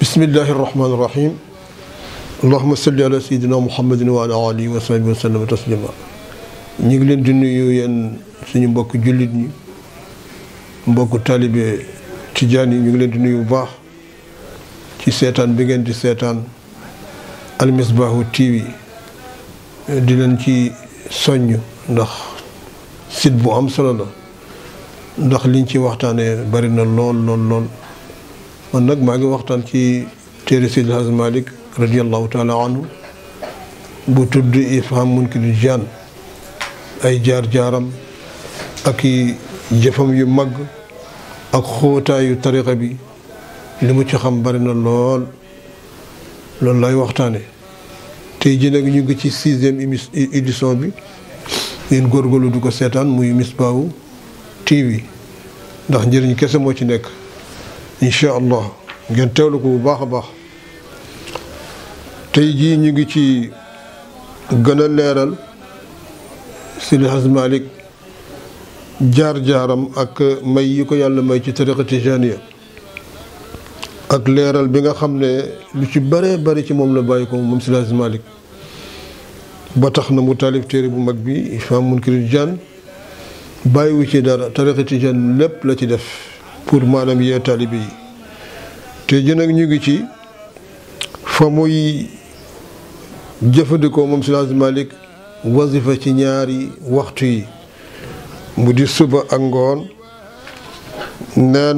bismillahi irrahmani irrahim allahuma salli ala sayidina muhammadin wa ala alihi wa sahbi wa sallama taslima ñu ngi leen di nuyu yéen suñu mbokk jullit ñi mbokk taalibe tijaan yi ñu ngi leen di nuyu bu baax ci seetaan bi ngeen di seetaan almisbaahu tv di leen ci soññ ndax sit bu am solo la ndax liñ ci waxtaanee bari na lool lool man nag maa ngi waxtaan ci téere Seydi Hadj radiallahu taala anhu bu tudd ifham munkiri jaan ay jaar-jaaram ak i jëfam yu mag ak xóotaayu tariqa bi li mu ci xam bari na lool loolu lay waxtaane tey jii nag ñu ngi ci sixième émi édition bi ngeen góorgóorlu du ko seetaan muy Misbaahu TV ndax njëriñ kese moo ci nekk incha allah ngeen teewlu ko bu baax a baax tey jii ñu ngi ci gën a leeral Seydi Hadj Malick jaar-jaaram ak may yi ko yàlla may ci tariqa tijaaniya ak leeral bi nga xam ne lu ci bëree bëri ci moom la bàyyi ko moom si laaj ba tax na mu taalif téere bu mag bi Faam Munkiri Tijaan bàyyiwu ci dara tariqa Tijaan lépp la ci def pour maanaam yee taalibe yi te jën ak ñu ngi ci fa muy jëfandikoo moom ci laaj Malick ci ñaari waxtu yi mu di suba ak ngoon nee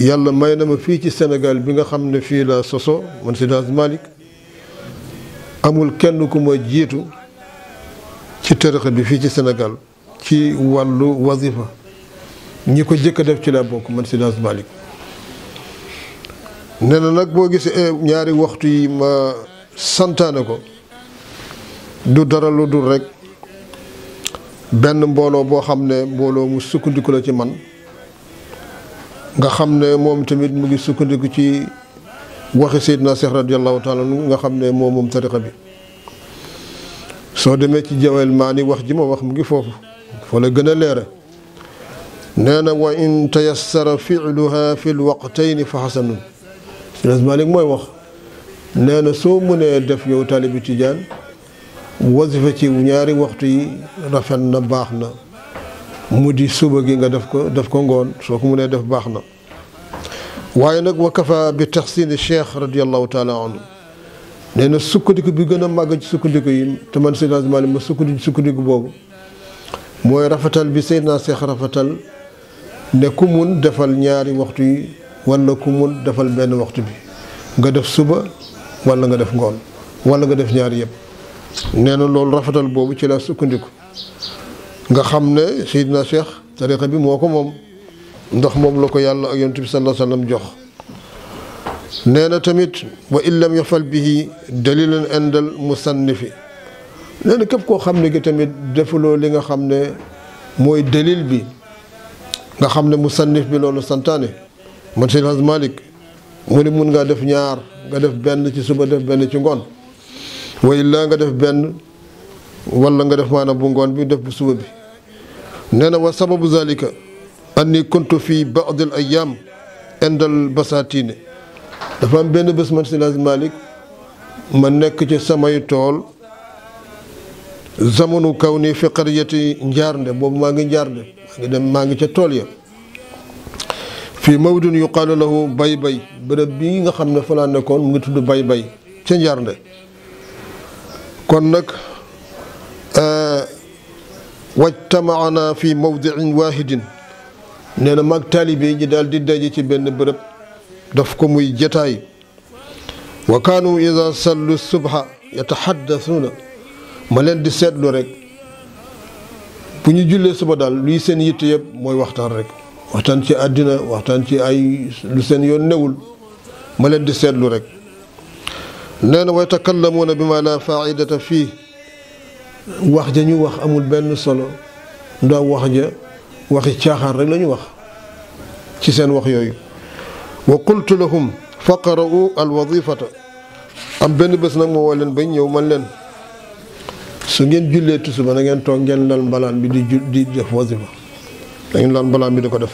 yàlla may na ma fii ci Sénégal bi nga xam ne fii laa soso man si daas Malick amul kenn ku ma jiitu ci tarixa bi fii ci Sénégal ci wàllu wazifa ñi ko jëkk a def ci la bokk man si daas Malick nee na nag boo gis gisee eh, ñaari waxtu yi ma santaane ko du dara lu dul rekk benn mbooloo boo xam ne mbooloo mu sukkandiku la ci man nga xam ne moom tamit mu ngi sukkandiku ci waxi Seydina Cheikh radiallahu taala nga xam ne moom moom tariqa bi soo demee ci jawel maa ni wax ji ma wax mu ngi foofu fa la gën a leere nee na wa in tayassara filuha fi lwaqtayni fa xasanun Seydina Maalik mooy wax nee na soo mënee def yow taalibi tijaan wasifa ci ñaari waxtu yi rafet na baax na mu di suba gi nga def ko def ko ngoon soo ko mu nee def baax na waaye nag wa kafa bi taxsini cheikh radiallahu taala anhu nee na sukkandiku bi gën a màgg ci sukkandiku yi te man Seydina Aliou ma sukkandiku sukkandiku boobu mooy rafetal bi Seydina Cheikh rafetal ne ku mun defal ñaari waxtu yi wala ku mun defal benn waxtu bi nga def suba wala nga def ngoon wala nga def ñaari yëpp nee na loolu rafetal boobu ci la sukkandiku nga xam ne Seydina Cheikh tariqa bi moo ko moom ndax moom la ko yàlla ak yonent bi sallallahu alayhi jox nee na tamit wa in lam yafal bihi dalilan indal musannifi nee na képp koo xam ne gi tamit defuloo li nga xam ne mooy dalil bi nga xam ne musannif bi loolu santaane man Seydi Hadj Malick ngaa def ñaar nga def benn ci suba def benn ci ngoon wa illaa nga def benn wala nga def maanaam bu ngoon bi def bu suba bi nee na wa sababu zalika anni kuntu fi ba'd al ayyam indal basatine dafa am benn bés man si laaj Malick ma nekk ci samay tool zamanu kaw ni fi qaryati njaarnde boobu maa ngi njaarnde maa ngi dem maa ngi ca tool ya fii yu yuqaalu lahu bay bay bërëb bii nga xam ne fa nekkoon mu ngi tudd bay bay ca njaarnde kon nag eh, wajtamaana fi mawdiin waahidin nee na mag taalibe ñi daal di daje ci benn bërëb dof ko muy jataay wa kaanu ida sallu subha yataxaddasuuna ma leen di seetlu rek bu ñu jullee suba daal luy seen yitte yëpp mooy waxtaan rek waxtaan ci àddina waxtaan ci ay lu seen yoon newul ma leen di seetlu rek nee na way takallamuuna bi ma la faidata fii wax ja ñu wax amul benn solo ndax wax ja waxi caaxaan rek lañu wax ci seen wax yooyu wa qultu lahum faqara'u alwadifata am benn bés nag moo woo leen bañ ñëw man leen su ngeen jullee tusuba na ngeen toog ngeen lal mbalaan bi di ju di def wazifa da ngeen lal mbalaan bi di ko def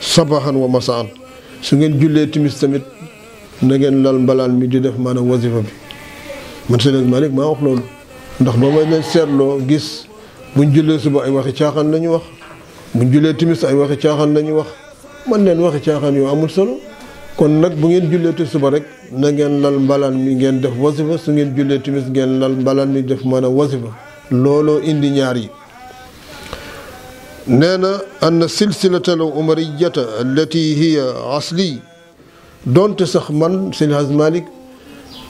sabaxan wa masaan su ngeen jullee timis tamit na ngeen lal mbalaan mi di def maanaam wazifa bi man Seydi Malick maa wax loolu ndax ba may leen seetloo gis buñ jullee suba ay waxi caaxaan la wax buñ jullee timis ay waxi caaxaan la wax man leen waxi caaxaan yoo amul solo kon nag bu ngeen julleeti suba rek na ngeen lal mbalaan mi ngeen def wasifa su ngeen jullee timis ngeen lal mbalaan mi def mën a wasifa looloo indi ñaar yi nee na ann silsilata al umariyata allati hiya asli donte sax man Seydi Hadj Malick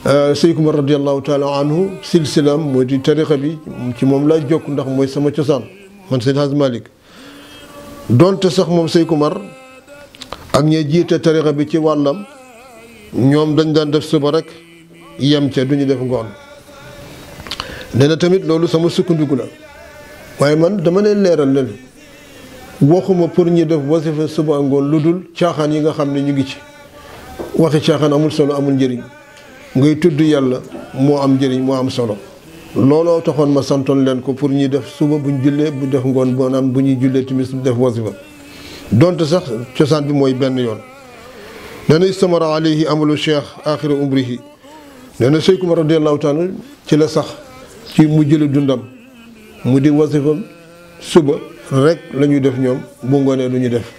Euh, Seyku Umar radiyallahu taala anhu silsilaam mooy di tarixa bi ci moom laay jokk ndax mooy sama cosaan man Seydi Hadj Malick donte sax moom Seyku Umar ak ñi jiite tarixa bi ci wàllam ñoom dañ daan def suba rek yem ca du ñu def ngoon nee tamit loolu sama sukkandiku la waaye man dama ne leeral leen waxuma pour ñu def wasifa suba ngoon lu dul caaxaan yi nga xam ne ñu ngi ci waxi caaxaan amul solo amul njëriñ ngay tudd yàlla moo am njëriñ moo am solo looloo taxoon ma santoon leen ko pour ñuy def suba bu ñu jullee bu def ngoon boo naan bu ñuy jullee timis bu def wasifa dont sax cosaan bi mooy benn yoon nee na istamara alayhi amalu cheikh axira umrihi nee na seykuma radiallahu taala ci la sax ci mu jëli dundam mu di wasifam suba rek lañuy def ñoom bu ngoonee lu ñu def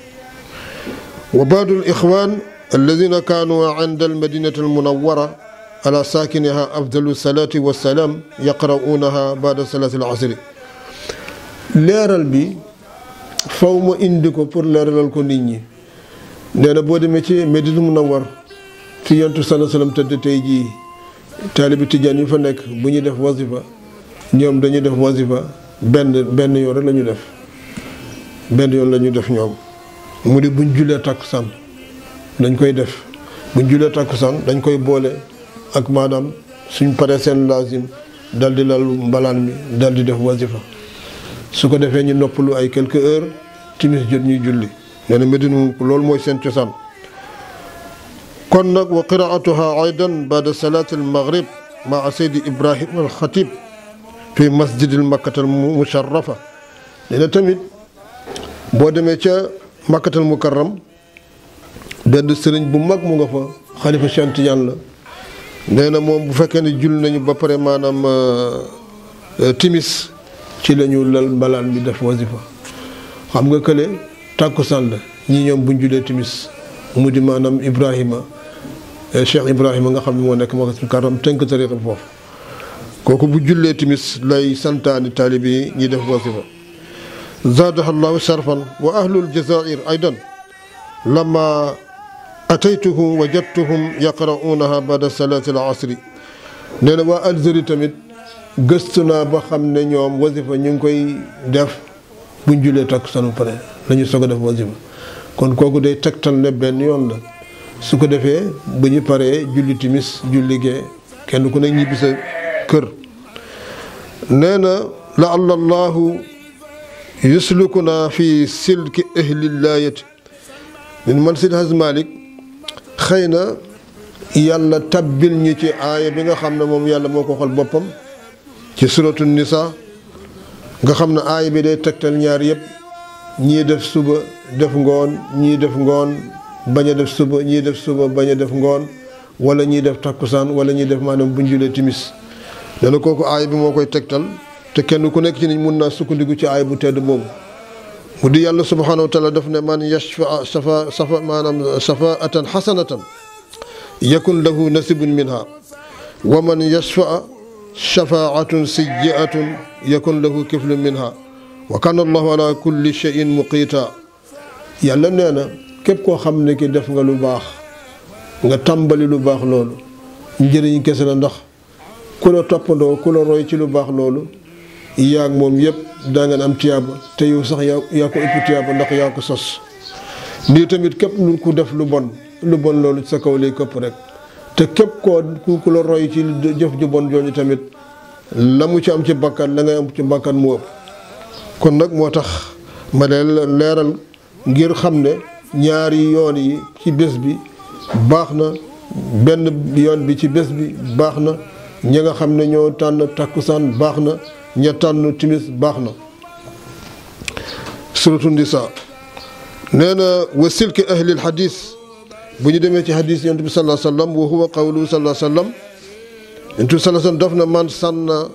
wa baadul ixwaan alladina kaanu inda almadinati almunawara ala saakiniha afdalu salaati wa salaam yaqra'uunaha baada salaati al-asri leeral bi faw ma indi ko pour leeralal ko nit ñi nee boo demee ci a Munawwar fi yontu sala salaam tëdd tey jii taalibi tijaan yi fa nekk bu ñuy def wasifa ñoom dañuy def wasifa benn benn yoon rek la ñu def benn yoon la ñu def ñoom mu di buñ jullee tàkkusaan dañ koy def buñ jullee tàkkusaan dañ koy boole ak maanaam suñ paree seen lazim dal di lal mbalaan mi dal di def wazifa su ko defee ñu noppalu ay quelques heures timis jot ñuy julli nee na Medina moom loolu mooy seen cosaan kon nag wa qiraatuha aydan bada salaat al maghrib maa seydi ibrahima al xatib fi masjidil makkatal musharrafa nee na tamit boo demee ca makkatal mukarram benn sëriñ bu mag mu nga fa xalifa Cheikh Tidiane la nee na moom bu fekkee ne jul nañu ba pare maanaam euh, euh, timis ci la ñu lal mbalaan bi def wasifa xam nga kële tàkkusaan la ñii ñoom buñ julee timis mu di maanaam Ibrahima euh, Cheikh Ibrahima nga xam ne moo nekk Makkatul Karam tënk tariqa bi foofu kooku bu jullee timis lay santaani taalibe yi ñi def wasifa zaadahallahu sharfan wa ahlul jazair aydan lama ataytuhu wajadtuhum yaqra'uunaha ba'da salaati al asri nee na waa Algérie tamit gëstu naa ba xam ne ñoom wasifa ñu ngi koy def buñ julee takk sanu pare la ñu soog a def wasifa kon kooku day tegtal ne benn su ko defee ba ñu paree julli timis julli gee kenn ku ne ñibbi sa kër nee na la allahu yuslukunaa fi silki ahli laayati min man sid has malik xëy na yàlla tabbil ñi ci aaya bi nga xam ne moom yàlla moo ko xol boppam ci suratu nisa nga xam ne aaya bi day tegtal ñaar yëpp ñii def suba def ngoon ñii def ngoon bañ def suba ñii def suba bañ def ngoon walla ñii def takkusaan wala ñii def maanaam bu ñu julee timis dana kooku aaya bi moo koy tegtal te kenn ku nekk ci niñ mun naa sukkandiku ci aaya bu tedd boobu mu di yàlla subhaanahu wa taala daf ne man yashfa safa safa maanaam safaatan xasanatan yakun lahu nasibun minha wa man yashfa shafaatun sayyiatun yakun lahu kiflun minha wa kana allahu ala kulli cheyin muqiita yàlla nee na képp koo xam ne ki def nga lu baax nga tàmbali lu baax loolu njëriñ kese la ndax ku la toppandoo ku la roy ci lu baax loolu yaa moom yëpp daa ngeen am tiyaaba te yow sax yaa yaa ko ëpp tiyaaba ndax yaa ko sos lii tamit képp lu ko def lu bon lu bon loolu sa kaw lay këpp rek te képp koo ku la roy ci jëf ju bon jooju tamit la mu ci am ci bakkan la ngay am ci bakkan mu ëpp kon nag moo tax ma leen leeral ngir xam ne ñaari yoon yi ci bés bi baax na benn yoon bi ci bés bi baax na ñi nga xam ne ñoo tànn takkusaan baax na ña tànn timis baax na suratu nisa nee na wa silki ahlil xadis bu ñu demee ci xadis yonent bi salaa sallam wa huwa qawlu salaa sallam yonent bi salaa sallam daf na man sànna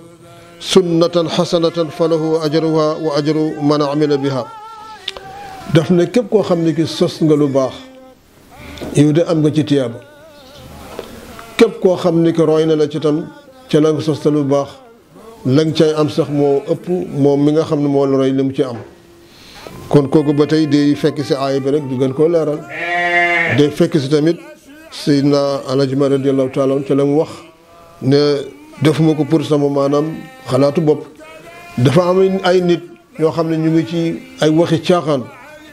sunnatan xasanatan falahu ajruha wa ajru man amila biha daf ne képp koo xam ne ki sos nga lu baax yow de am nga ci tiyaaba képp koo xam ne ki roy na la ci tam ca la nga sos te lu baax lañ cay am sax moo ëpp moom mi nga xam ne moo la roy mu ci am kon kooku ba tey di fekk si aay bi rek du ngeen koo leeral day fekk si tamit na Seydina Alaaji Maalik radiyallaahu taala ca la mu wax ne defuma ko pour sama maanaam xalaatu bopp dafa am ay nit ñoo xam ne ñu ngi ci ay waxi caaxaan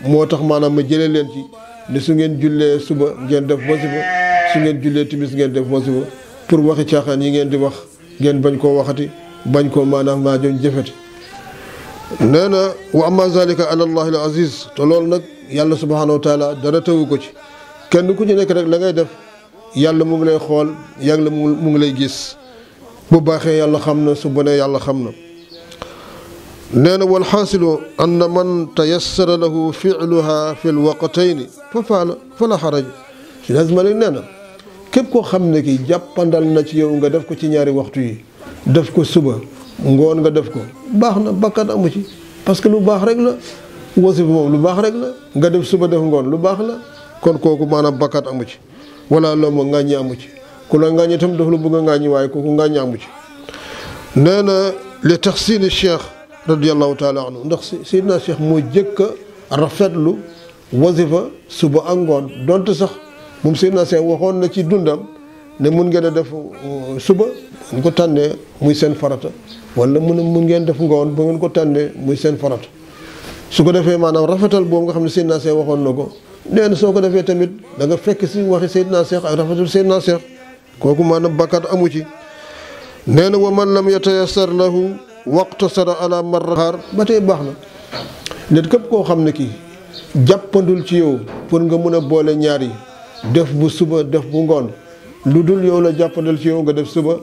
moo tax maanaam ma jëlee leen ci ne su ngeen jullee suba ngeen def wasifa su ngeen jullee timis ngeen def wasifa pour waxi caaxaan yi ngeen di wax ngeen bañ koo waxati bañ koo maanaam maa jooñ jëfete nee na wa ama zalika ala allahi aziz te loolu nag yàlla subhanahu wa taala dara tëwu ko ci kenn ku ci nekk rek la ngay def yàlla mu ngi lay xool yàlla mu ngi lay gis bu baaxee yàlla xam na su bonee yàlla xam na nee na walxaasilu an man tayassara lahu filuha fi lwaqatayni fa faala fala xaraj si ma nee na képp koo xam ne ki jàppandal na ci yow nga def ko ci ñaari waxtu yi def ko suba ngoon nga def ko baax na bakkan amu ci parce que lu baax rek la wasif moom lu baax rek la nga def suba def ngoon lu baax la kon kooku maanaam bakkat amu ci wala loo ma ngàññi amu ci ku la ngàññi tam daf la bëgg a ngàññi waaye kooku ngàññi amu ci nee na li tax siini cheikh radiallahu taala anhu ndax sidna cheikh moo jëkk a rafetlu wasifa suba ak ngoon dont sax moom sidna cheikh waxoon na ci dundam ne mun ngeen a def euh, suba bu ko tànnee muy seen farata wala mun mun ngeen def ngoon bu ngeen ko tànnee muy seen farata su ko defee maanaam rafetal boobu nga xam ne seen Cheikh waxoon na ko nee na soo ko defee tamit da nga fekk si waxi Seydina Cheikh ak rafetal Seydina Cheikh kooku maanaam bakkaat amu ci nee na wa man lam yatayassar lahu waqtasara ala marrahaar ba tey baax na nit képp koo xam ne kii jàppandul ci yow pour nga mun a boole ñaar yi def bu suba def bu ngoon lu dul yow la jàppandal ci yow nga def suba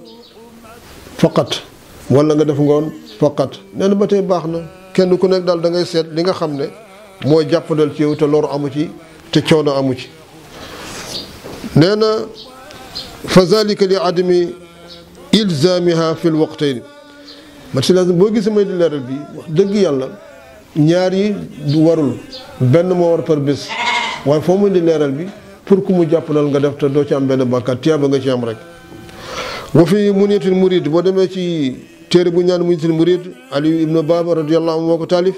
faqat wala nga def ngoon faqat nee na ba tey baax na kenn ku nekk daal da ngay seet li nga xam ne moo jàppandal ci yow te loru amu ci te coono amu ci nee na fa zalika li adami ilzamiha fi lwaqtayn marsi la boo gisee may di leeral bi wax dëgg yàlla ñaar yi du warul benn moo war par bés waaye foo muy di leeral bi pour ku mu jàppalal nga def te doo ci am benn bàkkaat tiyaaba nga ci am rek wa fi muniyatul murid boo demee ci téere bu ñaan muniyatul murid aliyu ibnu baaba radiallahu anhu moo ko taalif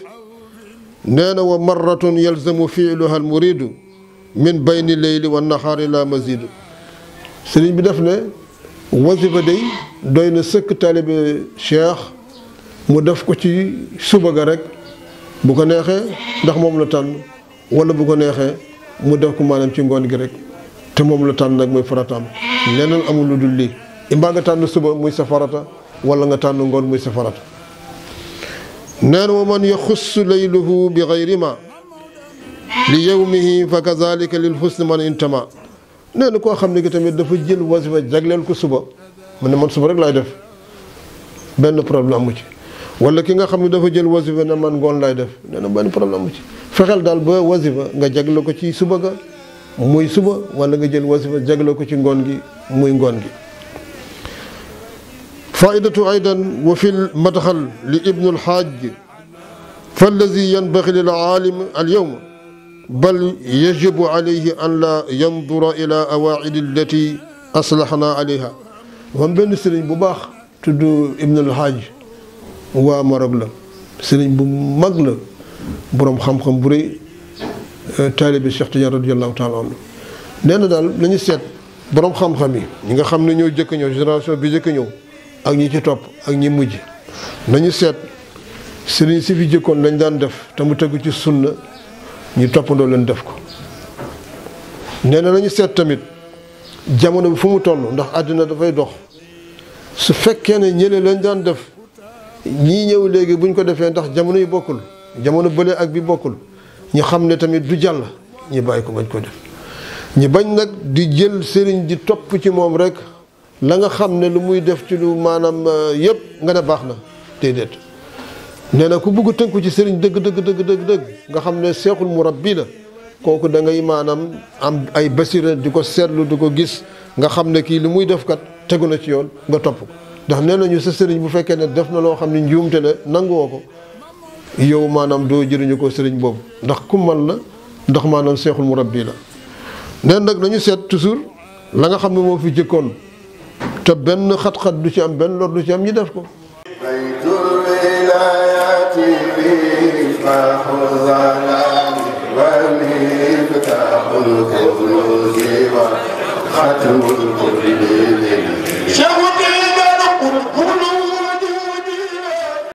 nee na wa marratun yalzamu fiiluha al muridu min bayni leyli wa nahaari la mazidu sëriñ bi def ne wasifa day doy na sëkk taalibe cheikh mu def ko ci suba ga rek bu ko neexee ndax moom la tànn wala bu ko neexee mu def ko maanaam ci ngoon gi rek te moom la tànn nag mooy farataam leneen amul lu dul lii imbaa nga tànn suba muy sa farata wala nga tànn ngoon muy sa farata neen wa man yaxussu layluhu bi gayri ma li yawmihi fa kazalika lil husni man intama nee na koo xam ne gi tamit dafa jël wasifa jagleel ko suba mu ne man suba rek laay def benn problème mu ci wala ki nga xam ne dafa jël wasifa ne man ngoon lay def nee na problème fexeel daal ba wasifa nga jagle ko ci suba ga muy suba wala nga jël wasifa jagle ko ci ngoon gi muy ngoon gi faidatu aydan wa fi madxal li ibnu alxaaj fallazi yanbaxi lil aalimi al yowma bal yajibu alayhi an la yandura ila awaidi allati aslaxna alayha wam benn sëriñ bu baax tudd ibnu alxaaj waa Maroc la sëriñ bu mag la boroom xam-xam bu rëy euh, taalibe Cheikh Tidiane radiyallahu taala anhu nee na daal nañu seet boroom xam-xam yi ñi nga xam ne ñoo jëkk ñëw génération bi jëkk ñëw ak ñi ci topp ak ñi mujj nañu seet sëriñ si fi jëkkoon lañ daan def te mu tegu ci sunna ñu toppandoo leen def ko nee na seet tamit jamono bi fu mu toll ndax àddina dafay dox su fekkee ne ñële lañ daan def ñii ñëw léegi buñ ko defee ndax jamono yi bokkul jamono bële ak bi bokkul ñu xam ne tamit du jàll ñu bàyyi ko bañ ko def ñi bañ nag di jël sëriñ di topp ci moom rek la nga xam ne lu muy def ci lu maanaam euh, yëpp nga ne baax na déedéet nee na ku bugg tënku ci sëriñ dëgg dëgg nga xam ne seexul murabbi la kooku da ngay maanaam am ay basira di ko seetlu di ko gis nga xam ne kii lu muy defkat tegu na ci yoon nga topp ko ndax nee nañu sa sëriñ bu fekkee ne def na loo xam ne njuumte la nanguwoo ko yow maanaam doo jëriñu ko sëriñ boobu ndax kummal la ndax maanaam seexul murabbi la. neen nag nañu seet toujours la nga xam ne moo fi jëkkoon te benn xat-xat du ci am benn lor du ci am ñu def ko. خاتم القرآن